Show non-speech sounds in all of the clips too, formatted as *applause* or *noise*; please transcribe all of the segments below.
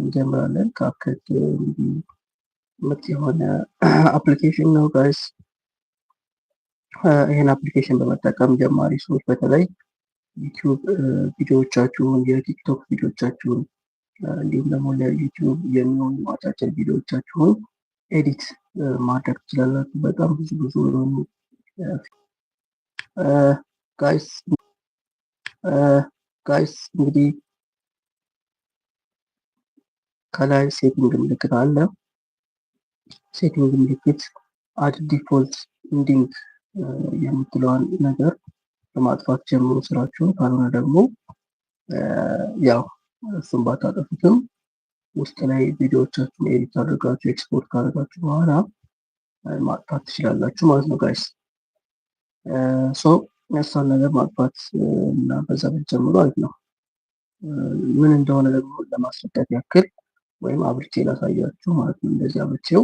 እንጀምራለን። ካፕከት እንግዲህ ምርጥ የሆነ አፕሊኬሽን ነው ጋይስ። ይህን አፕሊኬሽን በመጠቀም ጀማሪ ሰዎች በተለይ ዩቲዩብ ቪዲዮዎቻችሁን የቲክቶክ ቪዲዮዎቻችሁን እንዲሁም ደግሞ ለዩቲዩብ የሚሆኑ አጫጭር ቪዲዮዎቻችሁን ኤዲት ማድረግ ትችላላችሁ። በጣም ብዙ ብዙ የሆኑ ጋይስ ጋይስ እንግዲህ ከላይ ሴቲንግ ምልክት አለ። ሴቲንግ ምልክት አድ ዲፎልት ኢንዲንግ የምትለዋን ነገር በማጥፋት ጀምሮ ስራችሁን። ካልሆነ ደግሞ ያው እሱም ባታጠፉትም ውስጥ ላይ ቪዲዮዎቻችሁን ኤዲት አድርጋችሁ ኤክስፖርት ካደረጋችሁ በኋላ ማጥፋት ትችላላችሁ ማለት ነው ጋይስ። ሶ ያሳን ነገር ማጥፋት እና በዛ ጀምሮ አሪፍ ነው። ምን እንደሆነ ደግሞ ለማስረዳት ያክል ወይም አብርቼ ላሳያችሁ ማለት ነው። እንደዚህ አብርቼው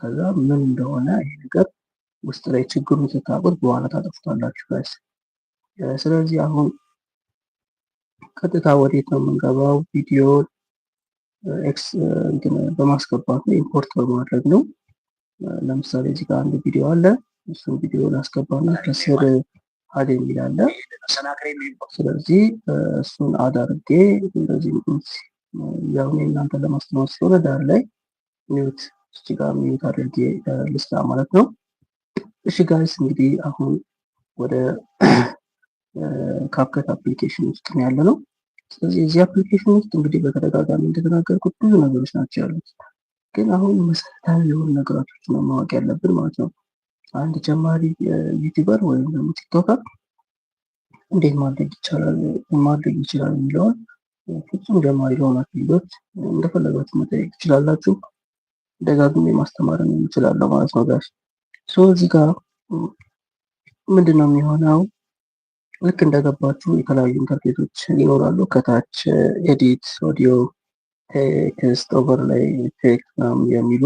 ከዛ ምን እንደሆነ ይሄ ነገር ውስጥ ላይ ችግሩን ስታውቁት በኋላ ታጠፉታላችሁ ጋይስ። ስለዚህ አሁን ቀጥታ ወዴት ነው የምንገባው? ቪዲዮ በማስገባት ነው፣ ኢምፖርት በማድረግ ነው። ለምሳሌ እዚህ ጋር አንድ ቪዲዮ አለ። እሱን ቪዲዮ ላስገባና ከስር አድ የሚል አለ። ስለዚህ እሱን አድ አድርጌ እንደዚህ ያው እኔ እናንተን ለማስተማር ስለሆነ ዳር ላይ ሚዩት እቺ ጋር ሚዩት አድርጌ ልስራ ማለት ነው። እሺ ጋይስ እንግዲህ አሁን ወደ *clears throat* ካፕከት አፕሊኬሽን ውስጥ ነው ያለ ነው። ስለዚህ እዚህ አፕሊኬሽን ውስጥ እንግዲህ በተደጋጋሚ እንደተናገርኩት ብዙ ነገሮች ናቸው ያሉት፣ ግን አሁን መሰረታዊ የሆኑ ነገራቶች ነው ማወቅ ያለብን ማለት ነው። አንድ ጀማሪ ዩቲበር ወይም ደግሞ ቲክቶከር እንዴት ማድረግ ይቻላል ማድረግ ይችላል የሚለውን ፍጹም ጀማሪ ለሆናችሁ ልጆች እንደፈለጋችሁ መጠየቅ ትችላላችሁ። ደጋግሜ ማስተማርም እንችላለሁ ማለት ነው ጋሽ። ሶ እዚህ ጋር ምንድን ነው የሚሆነው? ልክ እንደገባችሁ የተለያዩ ኢንተርፌቶች ይኖራሉ። ከታች ኤዲት፣ ኦዲዮ፣ ቴክስት፣ ኦቨርላይ ኢፌክት ምናምን የሚሉ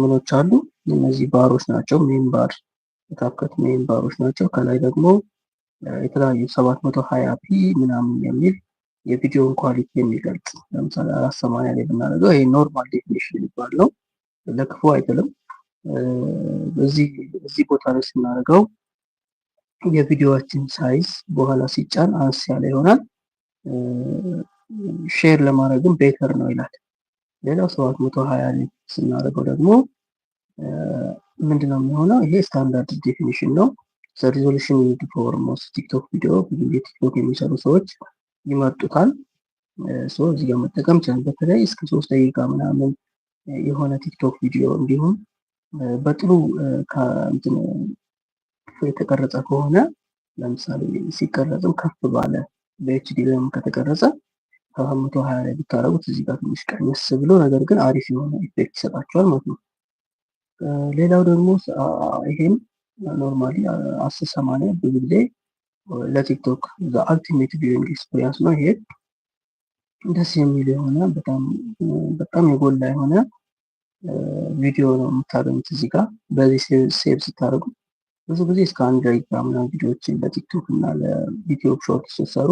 ምኖች አሉ። እነዚህ ባሮች ናቸው። ሜን ባር የካፕከት ሜን ባሮች ናቸው። ከላይ ደግሞ የተለያዩ ሰባት መቶ ሀያ ፒ ምናምን የሚል የቪዲዮን ኳሊቲ የሚገልጽ ለምሳሌ አራት ሰማንያ ላይ ብናደርገው ይሄ ኖርማል ዴፊኒሽን የሚባል ነው። ለክፉ አይደለም እዚህ ቦታ ላይ ስናደርገው የቪዲዮዎችን ሳይዝ በኋላ ሲጫን አነስ ያለ ይሆናል። ሼር ለማድረግም ቤተር ነው ይላል። ሌላው ሰባት መቶ ሀያ ላይ ስናደርገው ደግሞ ምንድነው የሚሆነው? ይሄ ስታንዳርድ ዴፊኒሽን ነው። ዘ ሪዞሉሽን ዩዝድ ፎር ሞስት ቲክቶክ ቪዲዮ ብዙ ቲክቶክ የሚሰሩ ሰዎች ይመርጡታል። እዚህ ጋር መጠቀም ይችላል። በተለይ እስከ ሶስት ደቂቃ ምናምን የሆነ ቲክቶክ ቪዲዮ እንዲሁም በጥሩ የተቀረጸ ከሆነ ለምሳሌ ሲቀረጽም ከፍ ባለ በኤችዲ ወይም ከተቀረጸ ከመቶ ሀያ ላይ ብታደረጉት እዚህ ጋር ትንሽ ቀነስ ብሎ ነገር ግን አሪፍ የሆነ ኢፌክት ይሰጣቸዋል ማለት ነው። ሌላው ደግሞ ይሄን ኖርማሊ አስር ሰማንያ ብዙ ጊዜ ለቲክቶክ አልቲሜት ቪውንግ ኤክስፒሪያንስ ነው። ይሄ ደስ የሚል የሆነ በጣም የጎላ የሆነ ቪዲዮ ነው የምታገኙት እዚህ ጋር። በዚህ ሴቭ ስታደርጉ ብዙ ጊዜ እስከ አንድ ደቂቃ ምናምን ቪዲዮዎችን ለቲክቶክ እና ለዩቲዩብ ሾርት ስትሰሩ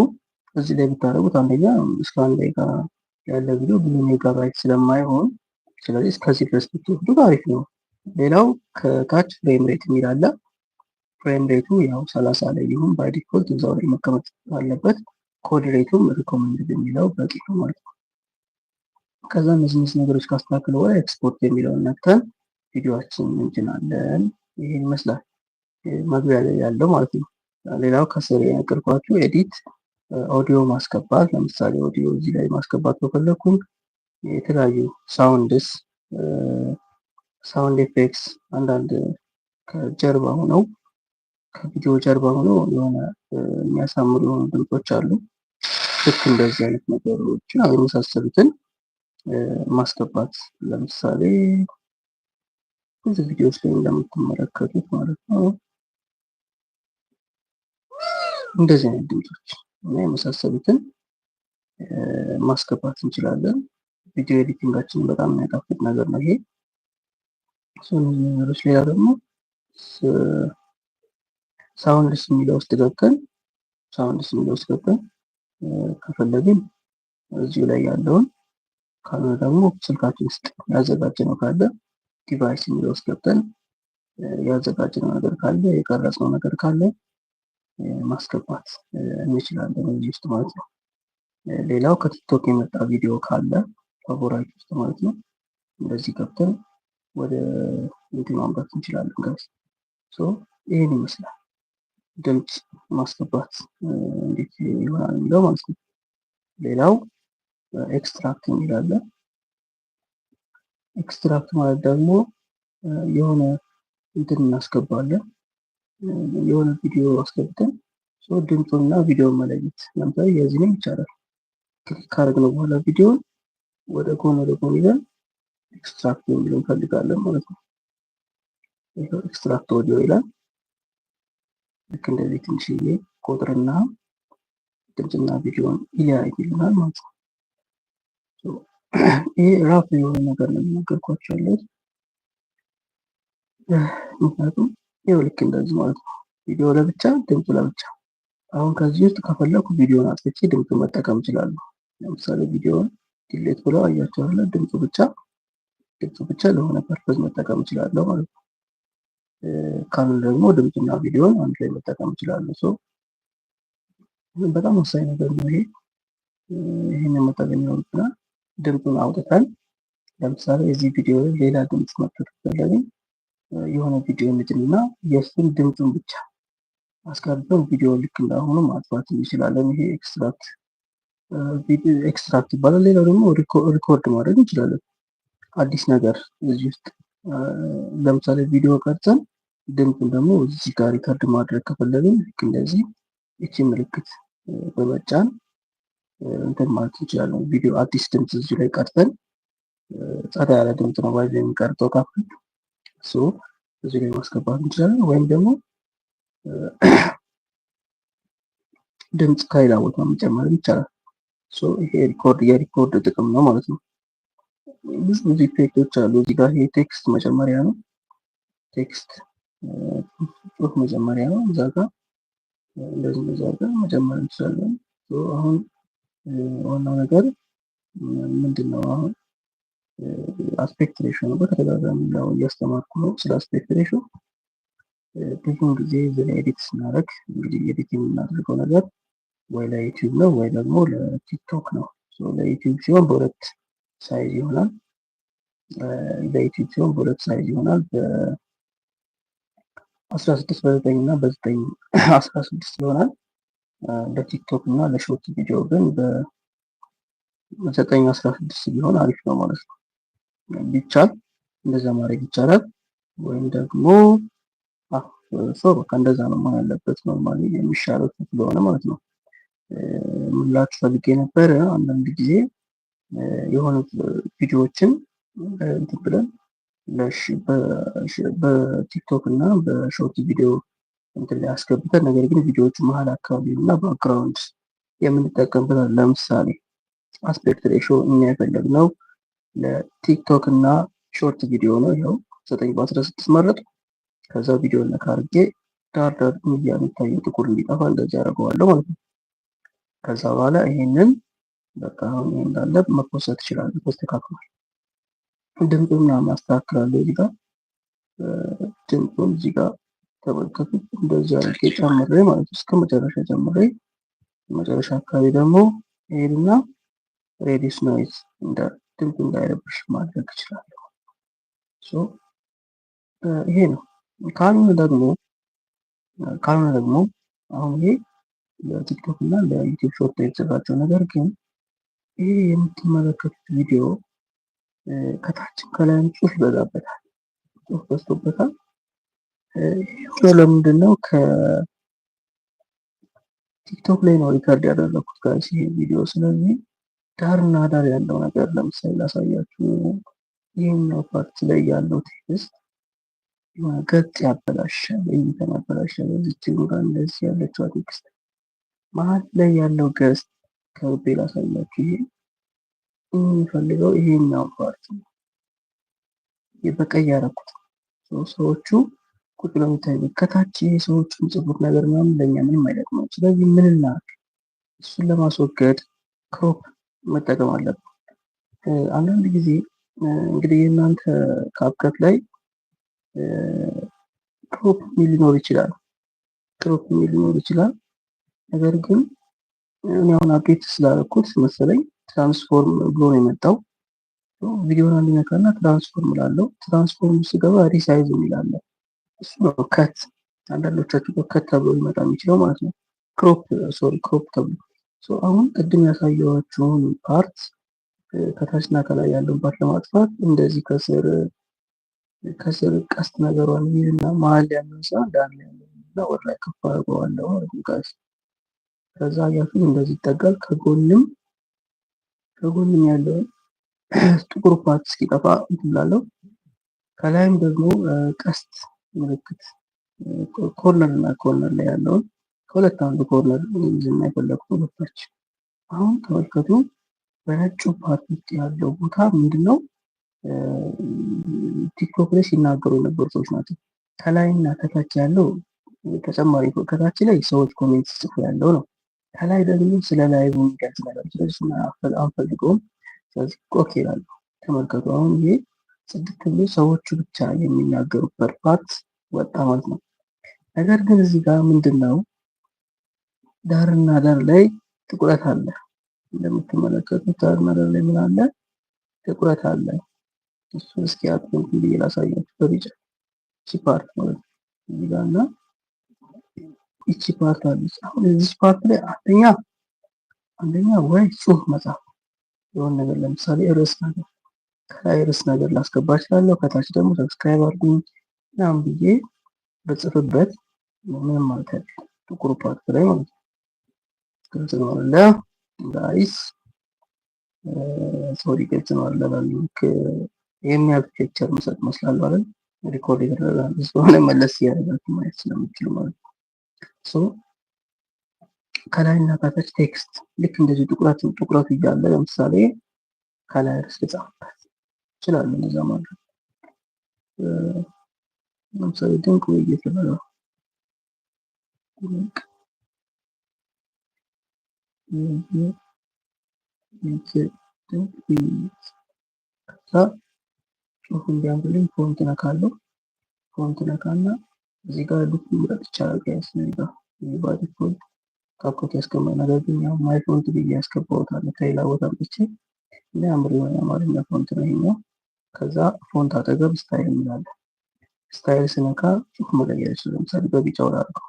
እዚህ ላይ ብታደርጉት አንደኛ እስከ አንድ ደቂቃ ያለ ቪዲዮ ብዙ ሜጋባይት ስለማይሆን ስለዚህ እስከዚህ ድረስ ብትወስዱ አሪፍ ነው። ሌላው ከታች ፍሬም ሬት የሚል አለ። ፍሬም ሬቱ ያው ሰላሳ ላይ ይሁን ባይ ዲፎልት እዛው ላይ መቀመጥ አለበት። ኮድ ሬቱም ሪኮመንድ የሚለው በቂ ነው ማለት ነው። ከዛ እነዚህ ነገሮች ካስተካክል በኋላ ኤክስፖርት የሚለውን ነክተን ቪዲዮችን እንጭናለን። ይህን ይመስላል መግቢያ ላይ ያለው ማለት ነው። ሌላው ከስር የነገርኳችሁ ኤዲት፣ ኦዲዮ ማስገባት፣ ለምሳሌ ኦዲዮ እዚህ ላይ ማስገባት በፈለግኩኝ የተለያዩ ሳውንድስ፣ ሳውንድ ኤፌክትስ አንዳንድ ከጀርባ ሆነው ከቪዲዮ ጀርባ ሆኖ የሆነ የሚያሳምሩ የሆኑ ድምፆች አሉ። ልክ እንደዚህ አይነት ነገሮችን የመሳሰሉትን ማስገባት ለምሳሌ እዚህ ቪዲዮዎች ላይ እንደምትመለከቱት ማለት ነው። እንደዚህ አይነት ድምፆች እና የመሳሰሉትን ማስገባት እንችላለን። ቪዲዮ ኤዲቲንጋችንን በጣም የሚያጣፍጥ ነገር ነው ይሄ። እነዚህ ነገሮች ሌላ ደግሞ ሳውንድስ የሚለው ውስጥ ገብተን ሳውንድስ የሚለው ውስጥ ገብተን ከፈለግን እዚሁ ላይ ያለውን ካልሆነ ደግሞ ስልካችን ውስጥ ያዘጋጀነው ካለ ዲቫይስ የሚለው ውስጥ ገብተን ያዘጋጀነው ነገር ካለ ነው ነገር ካለ ማስገባት እንችላለን እዚህ ውስጥ ማለት ነው። ሌላው ከቲክቶክ የመጣ ቪዲዮ ካለ ፋቮራይት ውስጥ ማለት ነው እንደዚህ ገብተን ወደ እንትን ማምጣት እንችላለን ጋር ሶ ይህን ይመስላል። ድምፅ ማስገባት እንዴት ይሆናል የሚለው ማለት ነው። ሌላው ኤክስትራክት የሚላለ ኤክስትራክት ማለት ደግሞ የሆነ እንትን እናስገባለን የሆነ ቪዲዮ አስገብተን ድምፁን እና ቪዲዮን መለየት ለምሳሌ የዚህንም ይቻላል። ክሊክ ነው በኋላ ቪዲዮን ወደ ጎን ወደ ጎን ይዘን ኤክስትራክት የሚለው እንፈልጋለን ማለት ነው። ኤክስትራክት ኦዲዮ ይላል። ልክ እንደዚህ ትንሽዬ ቁጥርና ድምፅና ቪዲዮን እያይልናል ማለት ነው። *clears throat* ይሄ ራፍ የሆነ ነገር ነው የሚነገርኳቸው ያለት ምክንያቱም ይው ልክ እንደዚህ ማለት ነው። ቪዲዮ ለብቻ ድምፅ ለብቻ። አሁን ከዚህ ውስጥ ከፈለኩ ቪዲዮን አጥፍቼ ድምፅ መጠቀም ይችላሉ። ለምሳሌ ቪዲዮን ዲሌት ብለው አያቸዋለ ድምፅ ብቻ ድምፅ ብቻ ለሆነ ፐርፐዝ መጠቀም ይችላለሁ ማለት ነው። ካሉን ደግሞ ድምፅና ቪዲዮን አንድ ላይ መጠቀም ይችላሉ። በጣም ወሳኝ ነገር ነው ይሄ። ይህን መጠቀም ይኖርብናል። ድምፁን አውጥተን ለምሳሌ እዚህ ቪዲዮ ላይ ሌላ ድምፅ መጥቶት ፈለግን የሆነ ቪዲዮ እንጭንና የእሱን ድምፁን ብቻ አስቀርተን ቪዲዮ ልክ እንዳሁኑ ማጥፋት እንችላለን። ይሄ ኤክስትራክት ኤክስትራክት ይባላል። ሌላው ደግሞ ሪኮርድ ማድረግ እንችላለን። አዲስ ነገር እዚህ ውስጥ ለምሳሌ ቪዲዮ ቀርጸን ድምፁን ደግሞ እዚህ ጋር ሪከርድ ማድረግ ከፈለግን ልክ እንደዚህ እቺ ምልክት በመጫን እንትን ማለት እንችላለን። ቪዲዮ አዲስ ድምፅ እዚሁ ላይ ቀርተን ጸዳ ያለ ድምፅ ነው ባይዘ የሚቀርጠው ካፕት እሱ እዚሁ ላይ ማስገባት እንችላለን። ወይም ደግሞ ድምፅ ከሌላ ቦታ መጨመር ይቻላል። ይሄ ሪኮርድ የሪኮርድ ጥቅም ነው ማለት ነው። ብዙ ብዙ ኢፌክቶች አሉ። እዚህ ጋር ይሄ ቴክስት መጨመሪያ ነው ቴክስት ጽሁፍ መጀመሪያ ነው። እዛ ጋ እንደዚህ እንደዚህ አድርገን መጀመር እንችላለን። አሁን ዋናው ነገር ምንድን ነው? አሁን አስፔክት ሬሾ ነው። በተደጋጋሚ ያው እያስተማርኩ ነው ስለ አስፔክት ሬሾ። ብዙውን ጊዜ ዝን ኤዲት ስናደርግ እንግዲህ ኤዲት የምናደርገው ነገር ወይ ለዩቲዩብ ነው ወይ ደግሞ ለቲክቶክ ነው። ለዩቲዩብ ሲሆን በሁለት ሳይዝ ይሆናል። ለዩቲዩብ ሲሆን በሁለት ሳይዝ ይሆናል። አስራ ስድስት በዘጠኝ እና በዘጠኝ *clears throat* አስራ ስድስት ይሆናል። ለቲክቶክ እና ለሾርት ቪዲዮ ግን በዘጠኝ አስራ ስድስት ቢሆን አሪፍ ነው ማለት ነው። ቢቻል እንደዛ ማድረግ ይቻላል። ወይም ደግሞ ሰው በቃ እንደዛ ነው መሆን ያለበት ኖርማሊ የሚሻለው ስለሆነ ማለት ነው። ምላችሁ ፈልጌ ነበር። አንዳንድ ጊዜ የሆኑ ቪዲዮዎችን እንትን ብለን በቲክቶክ እና በሾርት ቪዲዮ እንትን ላይ አስገብተን ነገር ግን ቪዲዮዎቹ መሀል አካባቢ እና ባክግራውንድ የምንጠቀምበታል። ለምሳሌ አስፔክት ሬሾ እኛ የፈለግ ነው ለቲክቶክ እና ሾርት ቪዲዮ ነው። ይኸው ዘጠኝ በአስራ ስድስት መረጥ ከዛ ቪዲዮ ነካርጌ አድርጌ ዳር ዳር እያሉ የሚታየው ጥቁር እንዲጠፋ እንደዚህ ያደርገዋለሁ ማለት ነው። ከዛ በኋላ ይህንን በቃ አሁን እንዳለ መፖሰት ይችላል፣ ተስተካክሏል። ድምፅ ምናምን አስተካክላለሁ እዚህ ጋር ድምፁን እዚህ ጋር ተመልከቱት። እንደዚህ አድርጌ ጨምሬ ማለት እስከ መጨረሻ ጨምሬ መጨረሻ አካባቢ ደግሞ ይሄድና ሬዲስ ኖይዝ ድምፁ እንዳይረብሽ ማድረግ እችላለሁ። ይሄ ነው። ካልሆነ ደግሞ ካልሆነ ደግሞ አሁን ይሄ ለቲክቶክ እና ለዩቲዩብ ሾርት የተዘጋጀው ነገር ግን ይሄ የምትመለከቱት ቪዲዮ ከታች ከላይም ጽሁፍ ይበዛበታል። ጽሁፍ በዝቶበታል። ይህ ለምንድን ነው? ከቲክቶክ ላይ ነው ሪከርድ ያደረግኩት ጋር ይሄ ቪዲዮ። ስለዚህ ዳርና ዳር ያለው ነገር ለምሳሌ ላሳያችሁ። ይህኛው ፓርት ላይ ያለው ቴክስት የሆነ ገጽ ያበላሻል፣ እይታን ያበላሻል። በዚች ጉራ እንደዚህ ያለችዋ ቴክስት መሀል ላይ ያለው ገጽ ከቤ ላሳያችሁ ይሄ የሚፈልገው ይሄኛው ፓርት ነው። በቀይ ያደረኩት ሰዎቹ ቁጭ ብለው የሚታዩት ከታች ይሄ ሰዎቹ የሚጽፉት ነገር ምናምን ለእኛ ምንም አይጠቅመውም። ስለዚህ ምን እናድርግ? እሱን ለማስወገድ ክሮፕ መጠቀም አለብን። አንዳንድ ጊዜ እንግዲህ የእናንተ ካፕከት ላይ ክሮፕ ሚል ሊኖር ይችላል ክሮፕ ሚል ሊኖር ይችላል። ነገር ግን እኔ አሁን አፕዴት ስላደረኩት መሰለኝ ትራንስፎርም ብሎ ነው የመጣው። ቪዲዮን አንድ ነካና ትራንስፎርም ላለው ትራንስፎርም ስገባ ሪሳይዝ የሚላለ እሱ ነው ከት። አንዳንዶቻችሁ ከት ተብሎ ሊመጣ የሚችለው ማለት ነው። ክሮፕ ሶሪ ክሮፕ ተብሎ አሁን ቅድም ያሳየኋችሁን ፓርት ከታችና ከላይ ያለውን ፓርት ለማጥፋት እንደዚህ ከስር ከስር ቀስት ነገሯን ይህና መሀል ያለውን ስራ ዳር ላይ ያለና ወደ ላይ ከፍ አድርገዋለሁ ማለት ነው። ከዛ ያፊ እንደዚህ ይጠጋል ከጎንም ከጎንም ያለውን ጥቁር ፓርት እስኪጠፋ እንትላለው ከላይም ደግሞ ቀስት ምልክት ኮርነር እና ኮርነር ላይ ያለውን ከሁለት አንዱ ኮርነር ዝና የፈለግኩት ወጣች። አሁን ተመልከቱ፣ በነጩ ፓርት ውስጥ ያለው ቦታ ምንድነው? ቲክቶክ ላይ ሲናገሩ የነበሩ ሰዎች ናቸው። ከላይና ከታች ያለው ተጨማሪ ከታች ላይ ሰዎች ኮሜንት ጽፎ ያለው ነው። ከላይ ደግሞ ስለ ላይ የሚገልጽ ነገር ስለሱን አንፈልገውም። ስለዚህ ኦኬ እላለሁ። ተመልከቱ። አሁን ይሄ ጽድት ብሎ ሰዎቹ ብቻ የሚናገሩበት ፓርት ወጣ ማለት ነው። ነገር ግን እዚህ ጋር ምንድን ነው ዳርና ዳር ላይ ጥቁረት አለ። እንደምትመለከቱት ዳርና ዳር ላይ ምን አለ? ጥቁረት አለ። እሱ እስኪ አጥቶ ብዬ ላሳያችሁ በቢጫ ቺ ማለት ነው እዚህ ጋር እና ይቺ ፓርት አለች። አሁን እዚህ ፓርት ላይ አንደኛ አንደኛ ወይ ጽሁፍ መጻፍ የሆነ ነገር ለምሳሌ ርዕስ ነገር ከላይ ርዕስ ነገር ላስገባ እችላለሁ። ከታች ደግሞ ሰብስክራይብ አድርጉኝ ምናምን ብዬ በጽፍበት ምንም ማለት አይደለም። ጥቁር ፓርት ላይ ማለት ነው። ግልጽ ነው አለ ጋይስ፣ ሶሪ ግልጽ ነው አለ ፒክቸር መሰጥ መስላለሁ ሪኮርድ ስለሆነ መለስ እያደረጋችሁ ማየት ስለምችሉ ማለት ነው። ከላይ እና ከታች ቴክስት ልክ እንደዚህ ጥቁረት ጥቁረቱ እያለ ለምሳሌ ከላይ ርዕስ ልጻፍበት እችላለሁ። እንደዛ ማድረግ ለምሳሌ ድንቅ ውይይት ልበለው። ድንቅ ውይይት ከዛ ጽሁፍ እንዲያምርልኝ ፎንት ነካለሁ። ፎንት ነካና እዚህ ጋር ዱፕ መምረጥ ይቻላል። ጋይስ እዚህ ጋር ባይ ዲፎልት ካፕኮት ያስገባል። ነገር ግን ያው ማይ ፎንት ብዬ ያስገባውታል ከሌላ ቦታ መጥቼ እና አምር የሆነ አማርኛ ፎንት ነው ይሄኛው። ከዛ ፎንት አጠገብ ስታይል እንላለን። ስታይል ስነካ ጽሁፍ መቀየር ይችላል። ለምሳሌ በቢጫው ላድርገው።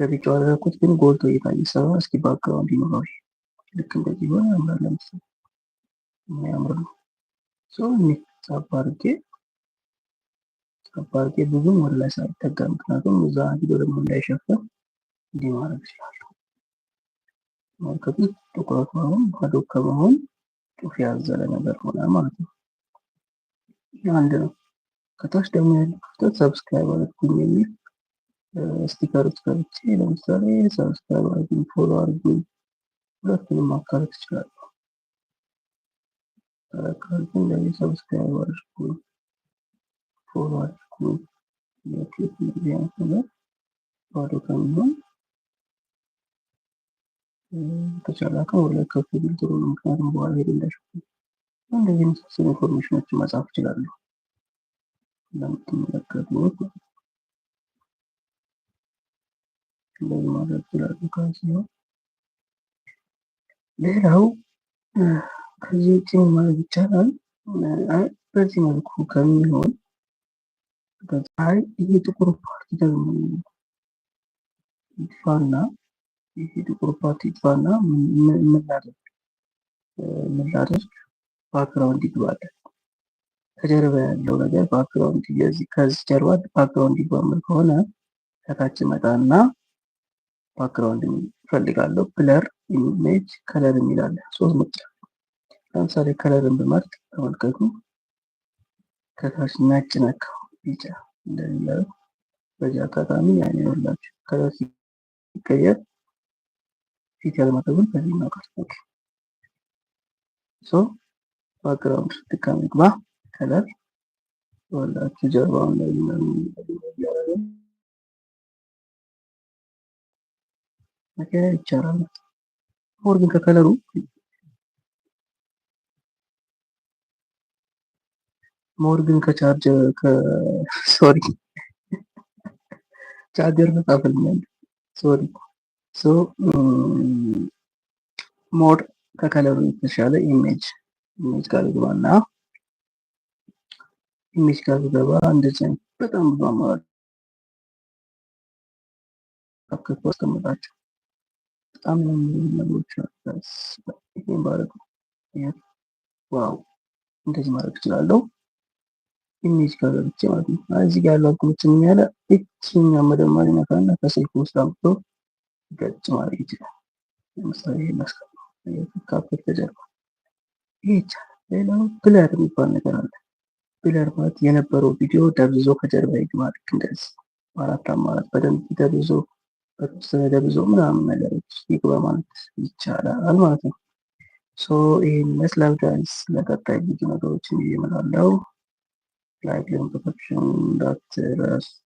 በቢጫው አደረኩት ግን ጎልቶ እየታየ ሰራ። እስኪ ባክግራውንድ ይኖረው ልክ እንደዚህ ሆነ ያምራል። ለምሳሌ የሚያምር ነው ሰው የሚጻባ አድርጌ አስገባርጌ ብዙም ወደ ላይ ሳይጠጋ ምክንያቱም እዛ ሂዶ ደግሞ እንዳይሸፍን እንዲህ ማድረግ ይችላሉ። መርከቱ ትኩረቱ አሁን ባዶ ከመሆን ጡፍ ያዘለ ነገር ሆነ ማለት ነው። ይህ አንድ ነው። ከታች ደግሞ ያለው ክፍተት ሰብስክራይብ አድርጉኝ የሚል ስቲከሮች ከብቼ ለምሳሌ ሰብስክራይብ አድርጉኝ፣ ፎሎ አድርጉኝ ሁለቱንም ማካተት እችላለሁ። ከዚህ እንደዚህ ሰብስክራይብ አድርጉኝ፣ ፎሎ አድርጉኝ በኩል ባዶ ከሚሆን በተቻለ ወደ ከፍ ቢል ጥሩ ነው። ምክንያቱም በኋላ ሄድ እንደዚህ የመሳሰሉ ኢንፎርሜሽኖችን መጻፍ ይችላሉ። እንደምትመለከቱት እንደዚህ ማድረግ ይችላሉ። ሌላው ከዚህ ውጭ ማድረግ ይቻላል። በዚህ መልኩ ከሚሆን ፀሐይ ይሄ ጥቁር ፓርቲ ደግሞ ይጥፋና ይሄ ጥቁር ፓርቲ ይጥፋና ምላደርግ ምላደርግ ባክግራውንድ ይግባለን። ከጀርባ ያለው ነገር ባክግራውንድ የዚህ ከዚህ ጀርባ ባክግራውንድ ይግባምል ከሆነ ከታች መጣና ባክግራውንድ ፈልጋለሁ። ብለር ኢሜጅ ከለር የሚላለ ሶስት ምርጫ ለምሳሌ ከለርን ብመርጥ ተመልከቱ ከታች ነጭ ነካው ቢጫ እንደሚለው በዚህ አጋጣሚ ያን ይሆንላችሁ ከዛ ሲቀየር ፊት ያለማድረጉን በዚህ እናቀርታል ሶ ባክግራውንድ ድጋሚ ምግባ ከለር ወላችሁ ጀርባውን ላይ ያደረግን ይቻላል። ሞር ግን ከከለሩ ሞር ግን ከቻርጅ ሶሪ ቻርጀር ተጣፈልኛል ሶሪ ሶ ሞር ከከለሩ የተሻለ ኢሜጅ ኢሜጅ ጋር ገባና ኢሜጅ ጋር ገባ። እንደዚህ በጣም ብዙ አማራጭ አክፎ አስቀምጣቸው። በጣም ነው ነገሮች ይሄን ባረግ ዋው እንደዚህ ማድረግ እችላለሁ። ኢሜጅ ጋር ብቻ ማለት ነው። እዚህ ጋር ያለው አግሎችን የሚያለ እችኛው መደማሪ ነካና ከስልክ ውስጥ አምጥቶ ገጽ ማለት ይችላል። ለምሳሌ ይሄ ማስቀመጥ ካፕል ተጀርባ ይሄ ይቻላል። ሌላው ብለር የሚባል ነገር አለ። ብለር ማለት የነበረው ቪዲዮ ደብዝዞ ከጀርባ ይግባል። እንደዚህ አራት አማራጭ በደንብ ደብዞ በተወሰነ ደብዞ ምናምን ነገሮች ይግባ ማለት ይቻላል ማለት ነው። ሶ ይህን ይመስላል ጋይስ። ለቀጣይ ብዙ ነገሮችን ይመጣለው። slightly imperfection in the chairs.